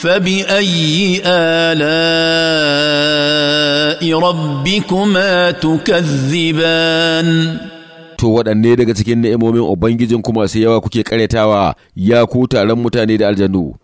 فباي الاء ربكما تكذبان to waɗanne daga cikin ni'imomin ubangijin kuma sai yawa kuke karyatawa ya ku taron mutane da aljanu